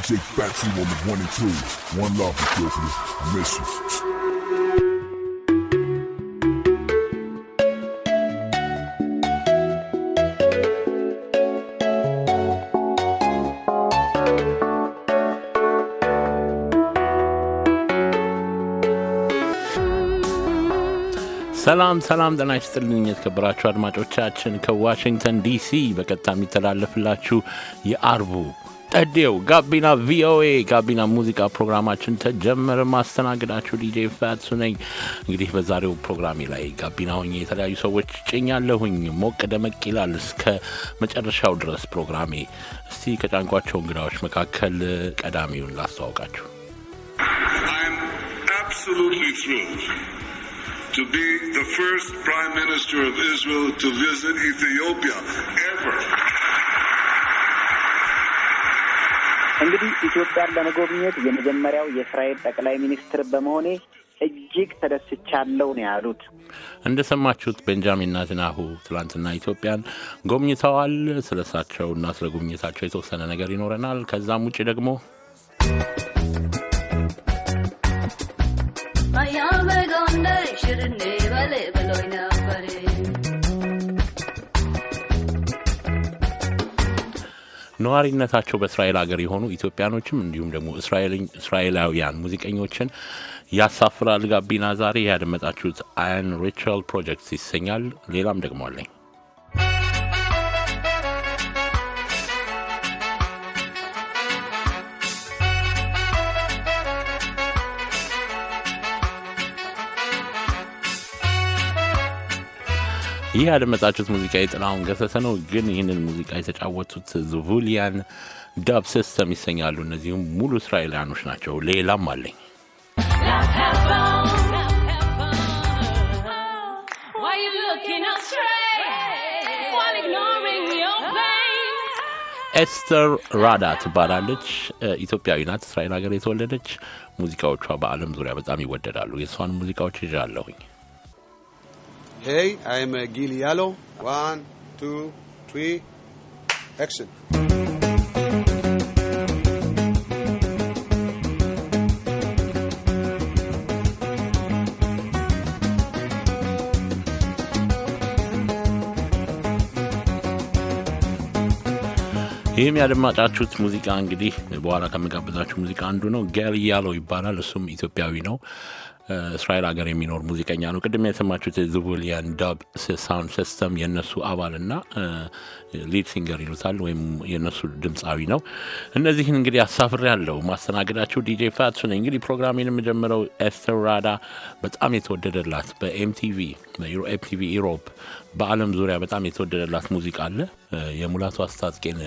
TJ Fatu on the one and two. One love, Ethiopia. I miss you. ሰላም ሰላም፣ ጤና ይስጥልኝ የተከበራችሁ አድማጮቻችን ከዋሽንግተን ዲሲ በቀጥታ የሚተላለፍላችሁ የአርቡ ጠዴው ጋቢና ቪኦኤ ጋቢና ሙዚቃ ፕሮግራማችን ተጀመረ። ማስተናግዳችሁ ዲጄ ፋትሱ ነኝ። እንግዲህ በዛሬው ፕሮግራሜ ላይ ጋቢና ሆኜ የተለያዩ ሰዎች ጭኛለሁኝ። ሞቅ ደመቅ ይላል እስከ መጨረሻው ድረስ ፕሮግራሜ። እስቲ ከጫንቋቸው እንግዳዎች መካከል ቀዳሚውን ላስተዋውቃችሁ። to be the first prime minister of Israel to visit Ethiopia ever. እንግዲህ ኢትዮጵያን ለመጎብኘት የመጀመሪያው የእስራኤል ጠቅላይ ሚኒስትር በመሆኔ እጅግ ተደስቻለሁ ነው ያሉት። እንደሰማችሁት ቤንጃሚን ኔታንያሁ ትላንትና ኢትዮጵያን ጎብኝተዋል። ስለ እና ስለ ጉብኝታቸው የተወሰነ ነገር ይኖረናል። ከዛም ውጭ ደግሞ I am a ነዋሪነታቸው በእስራኤል ሀገር የሆኑ ኢትዮጵያኖችም እንዲሁም ደግሞ እስራኤላውያን ሙዚቀኞችን ያሳፍራል። ጋቢና ዛሬ ያደመጣችሁት አያን ሪቸል ፕሮጀክት ይሰኛል። ሌላም ደግሞ አለኝ። ይህ ያደመጣችሁት ሙዚቃ የጥላሁን ገሰሰ ነው። ግን ይህንን ሙዚቃ የተጫወቱት ዙቡሊያን ዳብ ሲስተም ይሰኛሉ። እነዚሁም ሙሉ እስራኤላውያኖች ናቸው። ሌላም አለኝ ኤስተር ራዳ ትባላለች። ኢትዮጵያዊ ናት። እስራኤል ሀገር የተወለደች ሙዚቃዎቿ በዓለም ዙሪያ በጣም ይወደዳሉ። የእሷን ሙዚቃዎች ይዣለሁኝ። Hey, I'm uh, Gil Yalo. One, two, three, action. ይህም ያደማጫችሁት ሙዚቃ እንግዲህ በኋላ ከሚጋብዛችሁ ሙዚቃ አንዱ ነው። ጌል ያሎ ይባላል። እሱም ኢትዮጵያዊ ነው። እስራኤል ሀገር የሚኖር ሙዚቀኛ ነው። ቅድም የሰማችሁት ዝቡሊያን ዳብ ሳውንድ ሲስተም የእነሱ አባልና ሊድ ሲንገር ይሉታል ወይም የእነሱ ድምፃዊ ነው። እነዚህን እንግዲህ አሳፍሬ ያለው ማስተናገዳችሁ ዲጄ ፋትሱ ነኝ። እንግዲህ ፕሮግራሜን የምጀምረው ኤስተር ራዳ በጣም የተወደደላት በኤምቲቪ ኤምቲቪ ኢሮፕ በዓለም ዙሪያ በጣም የተወደደላት ሙዚቃ አለ። የሙላቱ አስታጥቄን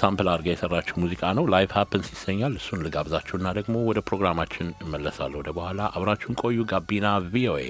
ሳምፕል አድርጋ የሰራችው ሙዚቃ ነው። ላይፍ ሀፕንስ ይሰኛል። እሱን ልጋብዛችሁና ደግሞ ወደ ፕሮግራማችን እመለሳለሁ። ወደ በኋላ አብራችሁን ቆዩ። ጋቢና ቪኦኤ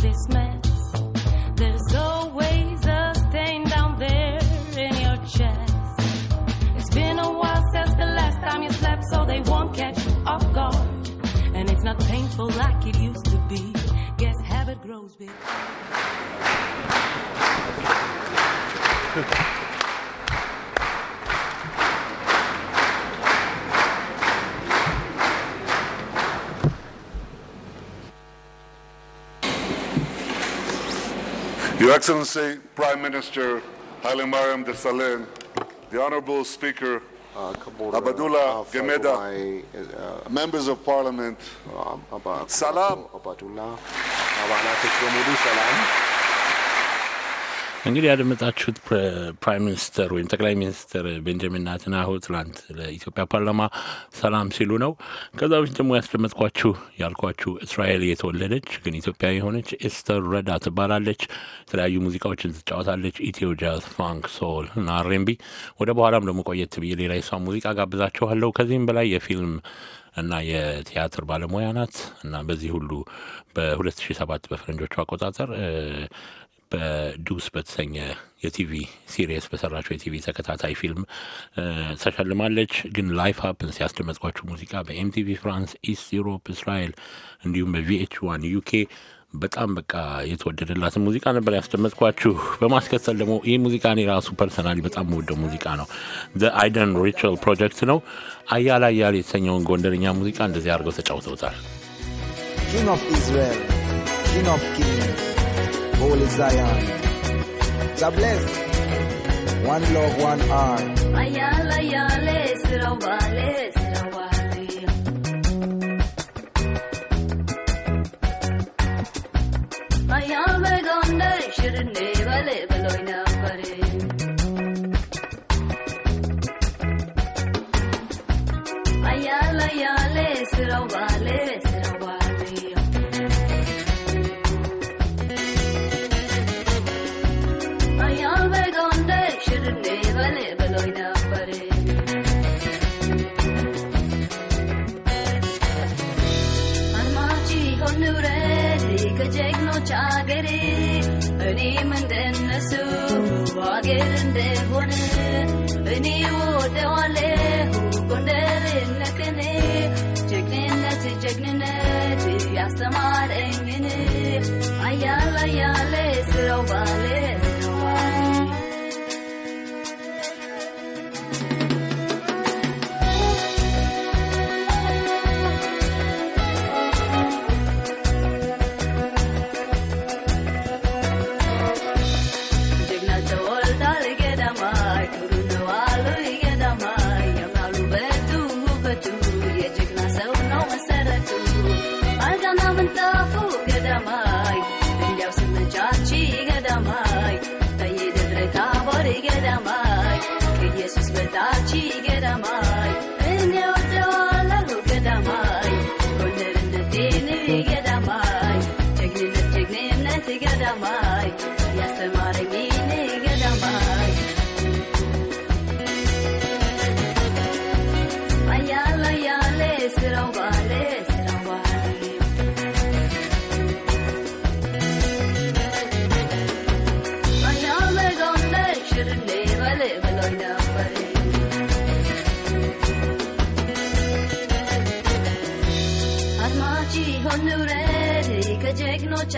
this mess. There's always a stain down there in your chest. It's been a while since the last time you slept, so they won't catch you off guard. And it's not painful like it used to be. Guess habit grows big. Your Excellency, Prime Minister de Desalegn, the Honorable Speaker uh, Abadullah uh, Gemeda, uh, Members of Parliament, uh, Salam. እንግዲህ ያደመጣችሁት ፕራይም ሚኒስተር ወይም ጠቅላይ ሚኒስትር ቤንጃሚን ናትናሁ ትላንት ለኢትዮጵያ ፓርላማ ሰላም ሲሉ ነው። ከዛ በፊት ደግሞ ያስደመጥኳችሁ ያልኳችሁ እስራኤል የተወለደች ግን ኢትዮጵያ የሆነች ኤስተር ረዳ ትባላለች። የተለያዩ ሙዚቃዎችን ትጫወታለች፣ ኢትዮ ጃዝ፣ ፋንክ፣ ሶል እና አሬንቢ። ወደ በኋላም ደግሞ ቆየት ብዬ ሌላ የሷ ሙዚቃ ጋብዛችኋለሁ። ከዚህም በላይ የፊልም እና የቲያትር ባለሙያ ናት እና በዚህ ሁሉ በ2007 በፈረንጆቹ አቆጣጠር በዱስ በተሰኘ የቲቪ ሲሪየስ በሰራቸው የቲቪ ተከታታይ ፊልም ተሸልማለች። ግን ላይፍ ሀፕንስ ያስደመጥኳችሁ ሙዚቃ በኤምቲቪ ፍራንስ፣ ኢስት ዩሮፕ፣ እስራኤል እንዲሁም በቪኤች ዋን ዩኬ በጣም በቃ የተወደደላትን ሙዚቃ ነበር ያስደመጥኳችሁ። በማስከተል ደግሞ ይህ ሙዚቃ እኔ ራሱ ፐርሰናሊ በጣም የምወደው ሙዚቃ ነው። አይደን ሪቸል ፕሮጀክት ነው። አያል አያል የተሰኘውን ጎንደርኛ ሙዚቃ እንደዚህ አድርገው ተጫውተውታል። Holy Zion. God bless. One love, one heart. Ayala, yale, sirawale, sirawale. Ayala, እኔም እንደነሱ ዋገር እንደሆነ እኔ ወደዋለሁ ጎንደርነትን ጀግንነት ጀግንነት ያስተማረኝን አያል አያለ ስራው ባለ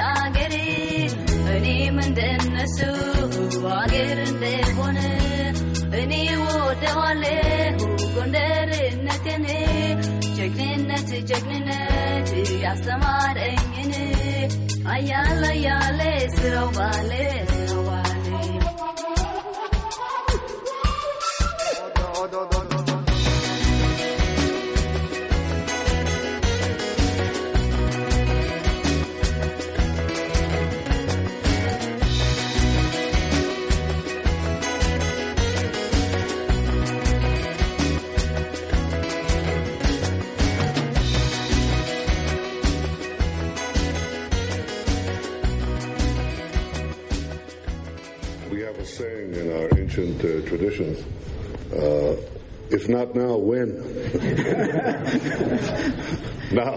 አገር እኔም እንደነሱ አገር እንደሆነ እኔ ወደዋለሁ ጎንደርነትን ጀግንነት ጀግንነት ያስተማረኝን አያለ ያለ ስራው ባለ ancient uh, traditions. Uh, if not now, when? now,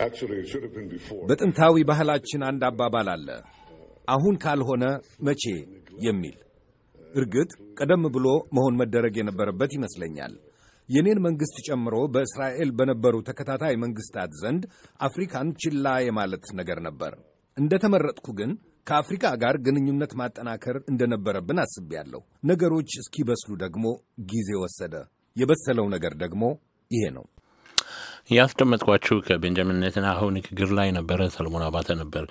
actually, it should have been before. በጥንታዊ ባህላችን አንድ አባባል አለ፣ አሁን ካልሆነ መቼ የሚል። እርግጥ ቀደም ብሎ መሆን መደረግ የነበረበት ይመስለኛል። የኔን መንግሥት ጨምሮ በእስራኤል በነበሩ ተከታታይ መንግሥታት ዘንድ አፍሪካን ችላ የማለት ነገር ነበር። እንደ ተመረጥኩ ግን ከአፍሪካ ጋር ግንኙነት ማጠናከር እንደነበረብን አስቤያለሁ። ነገሮች እስኪበስሉ ደግሞ ጊዜ ወሰደ። የበሰለው ነገር ደግሞ ይሄ ነው። ያስደመጥኳችሁ ከቤንጃሚን ኔታንያሁ ንግግር ላይ ነበረ። ሰለሞን አባተ ነበር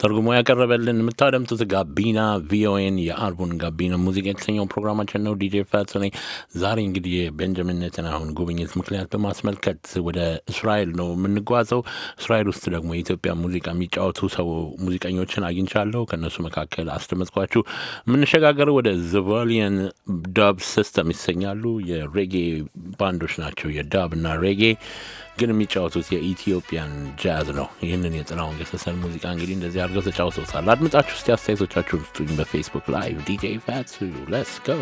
ተርጉሞ ያቀረበልን። የምታደምጡት ጋቢና ቪኦኤን የአልቡን ጋቢና ሙዚቃ የተሰኘው ፕሮግራማችን ነው። ዲጄ ፈት ነኝ። ዛሬ እንግዲህ የቤንጃሚን ኔታንያሁን ጉብኝት ምክንያት በማስመልከት ወደ እስራኤል ነው የምንጓዘው። እስራኤል ውስጥ ደግሞ የኢትዮጵያ ሙዚቃ የሚጫወቱ ሰው ሙዚቀኞችን አግኝቻለሁ። ከእነሱ መካከል አስደመጥኳችሁ። የምንሸጋገረው ወደ ዘቮሊየን ዳብ ሲስተም ይሰኛሉ። የሬጌ ባንዶች ናቸው። የዳብ እና ሬጌ ግን የሚጫወቱት የኢትዮጵያን ጃዝ ነው። ይህንን የጥላሁን ገሰሰን ሙዚቃ እንግዲህ እንደዚህ አድርገው ተጫውተውታል። አድምጣችሁ እስቲ አስተያየቶቻችሁን ስጡኝ በፌስቡክ ላይቭ ዲጄ ፋቱ ሌትስ ጎ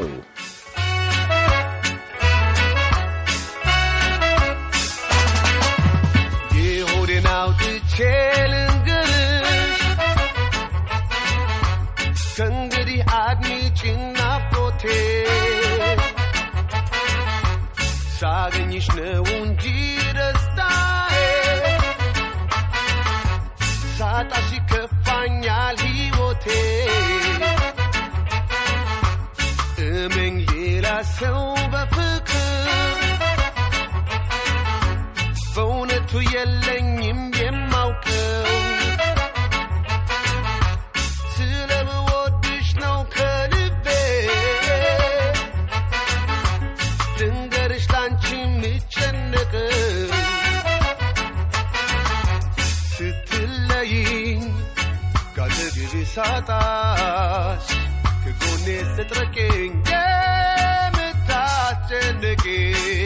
የሆዴን አውጥቼ ልንገርሽ ከእንግዲህ አድሚጪኝ ናፍቆቴ ሳገኝሽ ነው ሰው በፍቅር በእውነቱ የለኝም የማውቀው ስለምወድሽ ነው ከልቤ ድንገርሽ ላንቺ የምጨነቀው ስትለይኝ ካጠገቤ ሳጣሽ ከጎኔ ስትርቂኝ the again.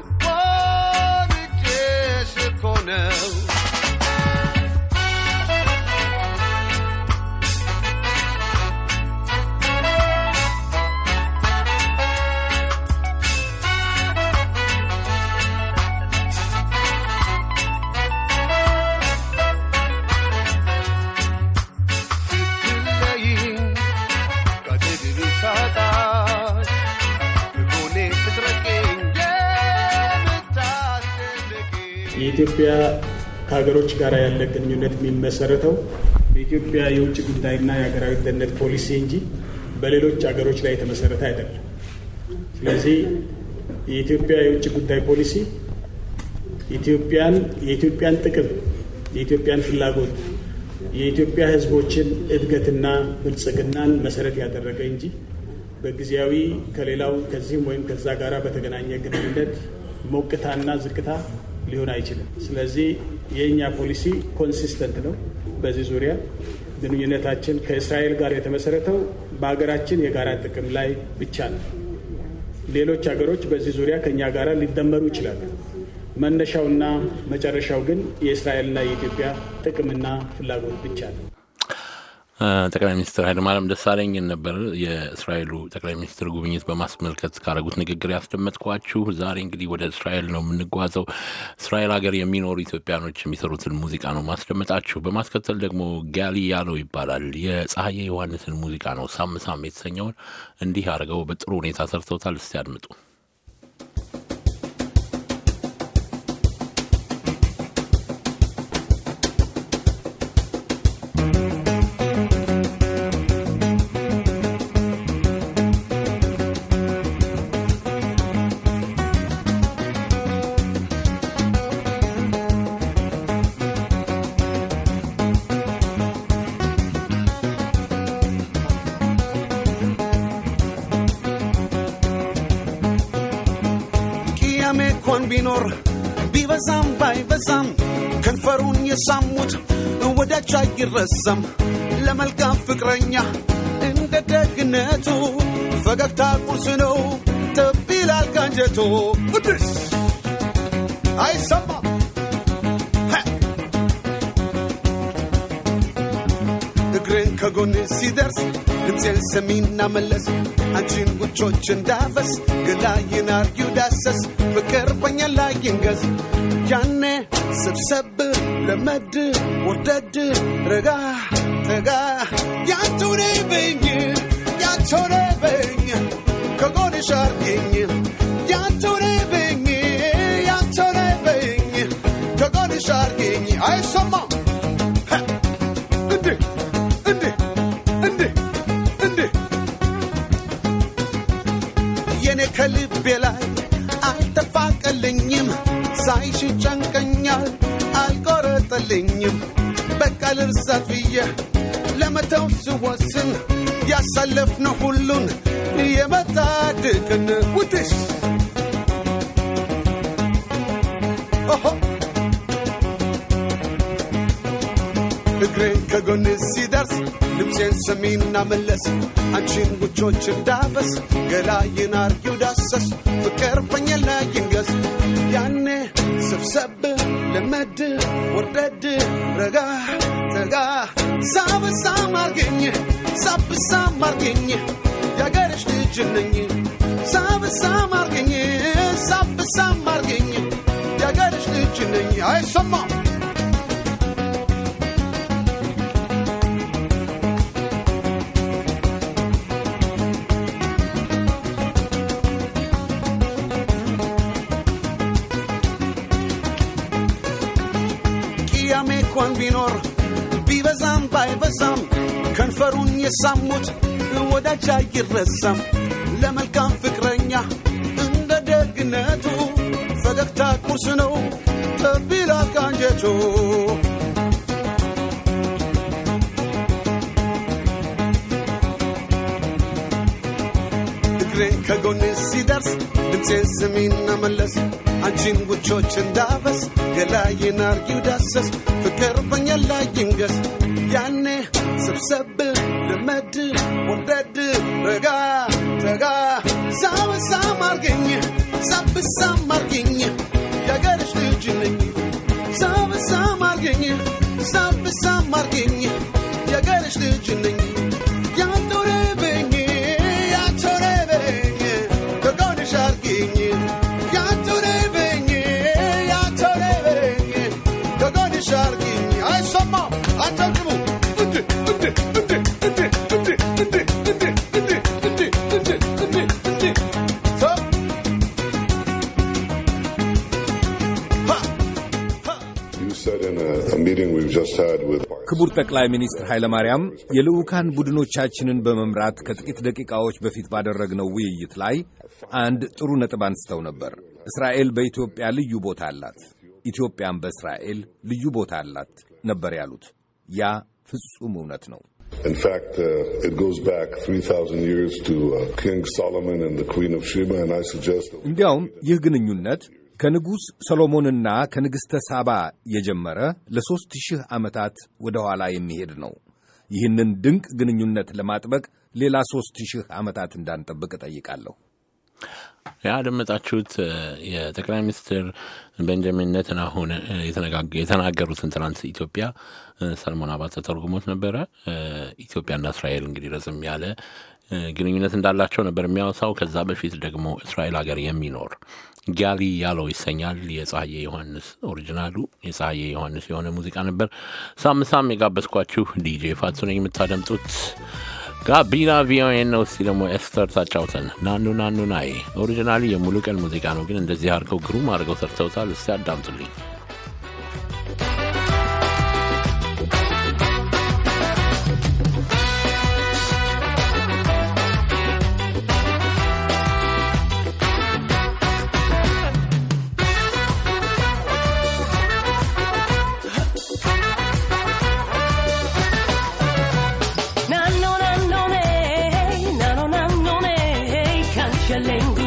የኢትዮጵያ ከሀገሮች ጋር ያለ ግንኙነት የሚመሰረተው በኢትዮጵያ የውጭ ጉዳይና የሀገራዊ ደህንነት ፖሊሲ እንጂ በሌሎች ሀገሮች ላይ የተመሰረተ አይደለም። ስለዚህ የኢትዮጵያ የውጭ ጉዳይ ፖሊሲ ኢትዮጵያን የኢትዮጵያን ጥቅም፣ የኢትዮጵያን ፍላጎት፣ የኢትዮጵያ ሕዝቦችን እድገትና ብልጽግናን መሰረት ያደረገ እንጂ በጊዜያዊ ከሌላው ከዚህም ወይም ከዛ ጋራ በተገናኘ ግንኙነት ሞቅታና ዝቅታ ሊሆን አይችልም። ስለዚህ የእኛ ፖሊሲ ኮንሲስተንት ነው። በዚህ ዙሪያ ግንኙነታችን ከእስራኤል ጋር የተመሰረተው በሀገራችን የጋራ ጥቅም ላይ ብቻ ነው። ሌሎች ሀገሮች በዚህ ዙሪያ ከእኛ ጋር ሊደመሩ ይችላሉ። መነሻውና መጨረሻው ግን የእስራኤልና የኢትዮጵያ ጥቅምና ፍላጎት ብቻ ነው። ጠቅላይ ሚኒስትር ኃይለማርያም ደሳለኝን ነበር የእስራኤሉ ጠቅላይ ሚኒስትር ጉብኝት በማስመልከት ካረጉት ንግግር ያስደመጥኳችሁ። ዛሬ እንግዲህ ወደ እስራኤል ነው የምንጓዘው። እስራኤል ሀገር የሚኖሩ ኢትዮጵያኖች የሚሰሩትን ሙዚቃ ነው ማስደመጣችሁ። በማስከተል ደግሞ ጋሊ ያለው ይባላል የፀሐዬ ዮሐንስን ሙዚቃ ነው ሳም ሳም የተሰኘውን እንዲህ አድርገው በጥሩ ሁኔታ ሰርተውታል። እስቲ አድምጡ። አይረሳም፣ ወዳጅ አይረሳም። ለመልካም ፍቅረኛ እንደ ደግነቱ ፈገግታ ቁርስ ነው። ጥብ ይላል ካንጀቱ ቅዱስ አይሰማም እግሬን ከጎን ሲደርስ ድምፄን ስሚና መለስ አንቺን ውጮች እንዳፈስ ገላይን አርጊው ዳሰስ ፍቅር በኛ ላይ ይንገዝ ያኔ ስብሰብ lemed woded rega rega ya tore beng ya tore beng kogoni sharkin ya tore beng ya tore beng kogoni sharkin ay sama ndi ndi ndi ndi yene kalib belay ay tafakalinyim sai shi chankanyal የለኝም በቃ ልርሳት ብዬ ለመተው ስወስን ያሳለፍነው ሁሉን የመታድቅን ውድሽ እግሬ ከጎን ሲደርስ ልብሴን ሰሚና መለስ አንቺን ጉቾች ዳበስ ገላይን አርጊው ዳሰስ ፍቅር በኛ ይንገስ ያኔ ሰብሰብ ለመድ ወደድ ረጋ ዘጋ ሳብሳም አርገኝ ሳብሳም አርገኝ የአገርሽ ልጅ ነኝ ሳብሳ አርገኝ ሳብሳ አርገኝ የአገርሽ ልጅ ነኝ አይሰማም እንኳን ቢኖር ቢበዛም ባይበዛም ከንፈሩን የሳሙት ወዳጃ ይረሳም ለመልካም ፍቅረኛ እንደ ደግነቱ ፈገግታ ቁርስ ነው ተቢላ ቃንጀቱ። እግሬ ከጎን ሲደርስ ድምፄ ስሚና መለስ አንቺን ውቾች እንዳበስ ገላዬን አርጊው ዳሰስ ፍቅር በኛ ላይ ይንገስ ያኔ ስብሰብ ልመድ ወደድ ረጋ ተጋ ሳብሳም አርገኝ ሳብሳም አርገኝ የገርሽ ልጅ ነኝ ሳብሳም አርገኝ ሳብሳም አርገኝ የገርሽ ልጅ ነኝ ጠቅላይ ሚኒስትር ኃይለማርያም የልዑካን ቡድኖቻችንን በመምራት ከጥቂት ደቂቃዎች በፊት ባደረግነው ውይይት ላይ አንድ ጥሩ ነጥብ አንስተው ነበር። እስራኤል በኢትዮጵያ ልዩ ቦታ አላት፣ ኢትዮጵያም በእስራኤል ልዩ ቦታ አላት ነበር ያሉት። ያ ፍጹም እውነት ነው። uh, እንዲያውም ይህ ግንኙነት ከንጉሥ ሰሎሞንና ከንግሥተ ሳባ የጀመረ ለሦስት ሺህ ዓመታት ወደ ኋላ የሚሄድ ነው። ይህንን ድንቅ ግንኙነት ለማጥበቅ ሌላ ሦስት ሺህ ዓመታት እንዳንጠብቅ እጠይቃለሁ። ያደመጣችሁት የጠቅላይ ሚኒስትር ቤንጃሚን ኔታንያሁ የተናገሩትን ትናንት ኢትዮጵያ ሰለሞን አባተ ተርጉሞት ነበረ። ኢትዮጵያና እስራኤል እንግዲህ ረዝም ያለ ግንኙነት እንዳላቸው ነበር የሚያወሳው። ከዛ በፊት ደግሞ እስራኤል ሀገር የሚኖር ጋሊ ያለው ይሰኛል። የፀሐዬ ዮሐንስ ኦሪጂናሉ የፀሐዬ ዮሐንስ የሆነ ሙዚቃ ነበር። ሳም ሳም የጋበዝኳችሁ ዲጄ ፋቱ ነኝ። የምታደምጡት ጋቢና ቪኦኤ ነው። እስቲ ደግሞ ኤስተር ታጫውተን ናኑ ናኑ ናይ ኦሪጂናሊ የሙሉ ቀን ሙዚቃ ነው፣ ግን እንደዚህ አድርገው ግሩም አድርገው ሰርተውታል። እስቲ አዳምጡልኝ። lengua.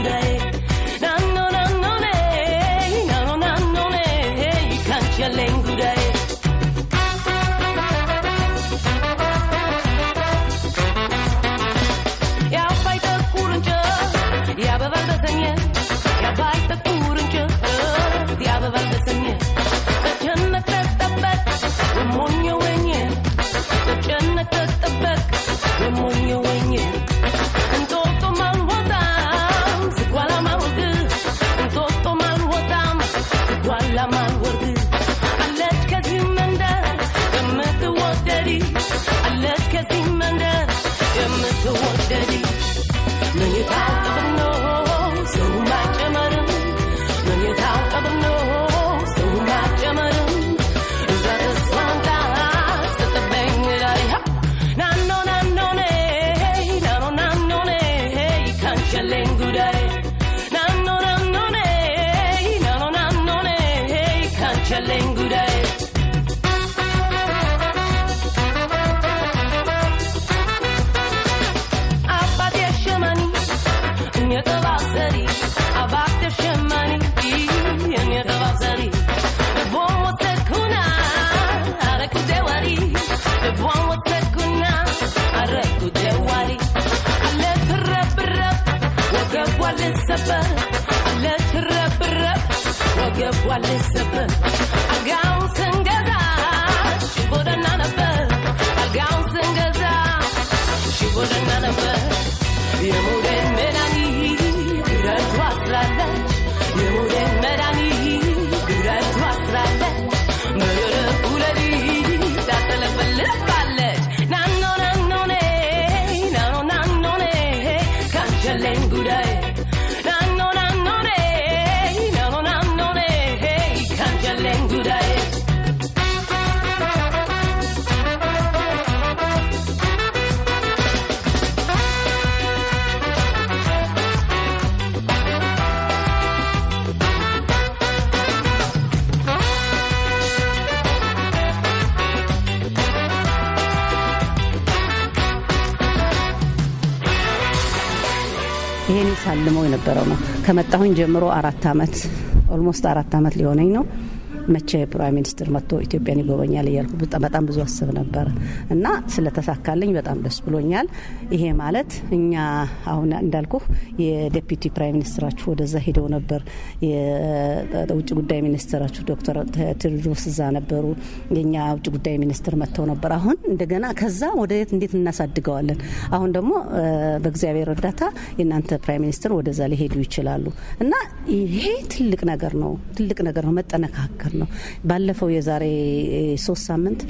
ልሰበር ለትረብረብ ወገቧ ልሰበር አልጋውን ስንገዛ ሽጎደና ነበር አልጋውን ስንገዛ ሽጎደና ነበር የሙዴ ሜላኒ ረቷ ስላለ ሳልመው የነበረው ነው። ከመጣሁኝ ጀምሮ አራት አመት ኦልሞስት አራት ዓመት ሊሆነኝ ነው። መቼ ፕራይም ሚኒስትር መጥቶ ኢትዮጵያን ይጎበኛል እያልኩ በጣም ብዙ አስብ ነበረ እና ስለተሳካልኝ በጣም ደስ ብሎኛል። ይሄ ማለት እኛ አሁን እንዳልኩ የዴፒቲ ፕራይም ሚኒስትራችሁ ወደዛ ሄደው ነበር። የውጭ ጉዳይ ሚኒስትራችሁ ዶክተር ቴዎድሮስ እዛ ነበሩ። የኛ ውጭ ጉዳይ ሚኒስትር መጥተው ነበር። አሁን እንደገና ከዛ ወደ የት እንዴት እናሳድገዋለን? አሁን ደግሞ በእግዚአብሔር እርዳታ የእናንተ ፕራይም ሚኒስትር ወደዛ ሊሄዱ ይችላሉ እና ይሄ ትልቅ ነገር ነው። ትልቅ ነገር ነው መጠነካከል ነው። ባለፈው የዛሬ ሶስት ሳምንት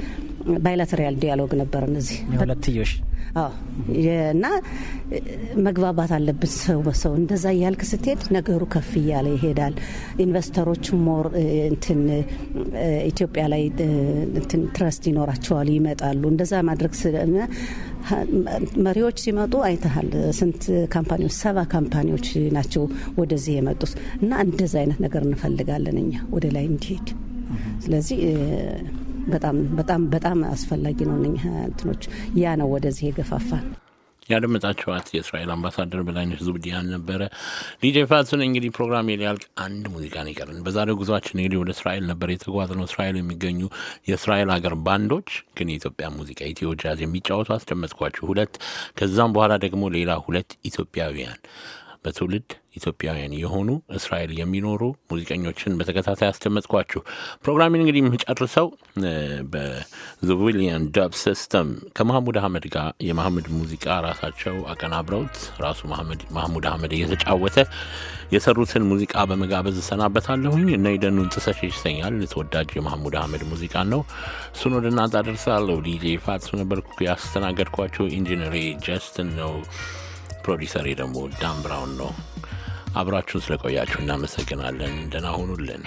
ባይላተሪያል ዲያሎግ ነበር። እነዚህ ሁለትዮሽ እና መግባባት አለብን። ሰው በሰው እንደዛ እያልክ ስትሄድ ነገሩ ከፍ እያለ ይሄዳል። ኢንቨስተሮች ሞር እንትን ኢትዮጵያ ላይ እንትን ትረስት ይኖራቸዋል፣ ይመጣሉ። እንደዛ ማድረግ መሪዎች ሲመጡ አይተሃል። ስንት ካምፓኒዎች ሰባ ካምፓኒዎች ናቸው ወደዚህ የመጡት እና እንደዚ አይነት ነገር እንፈልጋለን እኛ ወደ ላይ እንዲሄድ። ስለዚህ በጣም በጣም በጣም አስፈላጊ ነው እንትኖች ያ ነው ወደዚህ የገፋፋን። ያደመጣችኋት የእስራኤል አምባሳደር በላይነሽ ዙብዲያን ነበረ። ዲጄ ፋትሱን እንግዲህ ፕሮግራም የሊያልቅ አንድ ሙዚቃ ነው ይቀርን። በዛሬው ጉዟችን እንግዲህ ወደ እስራኤል ነበር የተጓዝነው። እስራኤል የሚገኙ የእስራኤል ሀገር ባንዶች ግን የኢትዮጵያ ሙዚቃ ኢትዮ ጃዝ የሚጫወቱ አስደመጥኳችሁ ሁለት። ከዛም በኋላ ደግሞ ሌላ ሁለት ኢትዮጵያውያን በትውልድ ኢትዮጵያውያን የሆኑ እስራኤል የሚኖሩ ሙዚቀኞችን በተከታታይ አስደመጥኳችሁ። ፕሮግራሚን እንግዲህ የምጨርሰው በዝዊሊያን ዳብ ሲስተም ከማህሙድ አህመድ ጋር የማህመድ ሙዚቃ ራሳቸው አቀናብረውት ራሱ ማህሙድ አህመድ እየተጫወተ የሰሩትን ሙዚቃ በመጋበዝ እሰናበታለሁኝ። እነ ይደኑን ጥሰሽ ይሰኛል ተወዳጅ የማህሙድ አህመድ ሙዚቃ ነው። እሱን ወደ እናንተ አደርሳለሁ። ዲጄ ፋትሱ ነበርኩ ያስተናገድኳቸው። ኢንጂነሪ ጀስትን ነው ፕሮዲሰሪ ደግሞ ዳም ብራውን ነው። አብራችሁን ስለቆያችሁ እናመሰግናለን። ደህና ሁኑልን።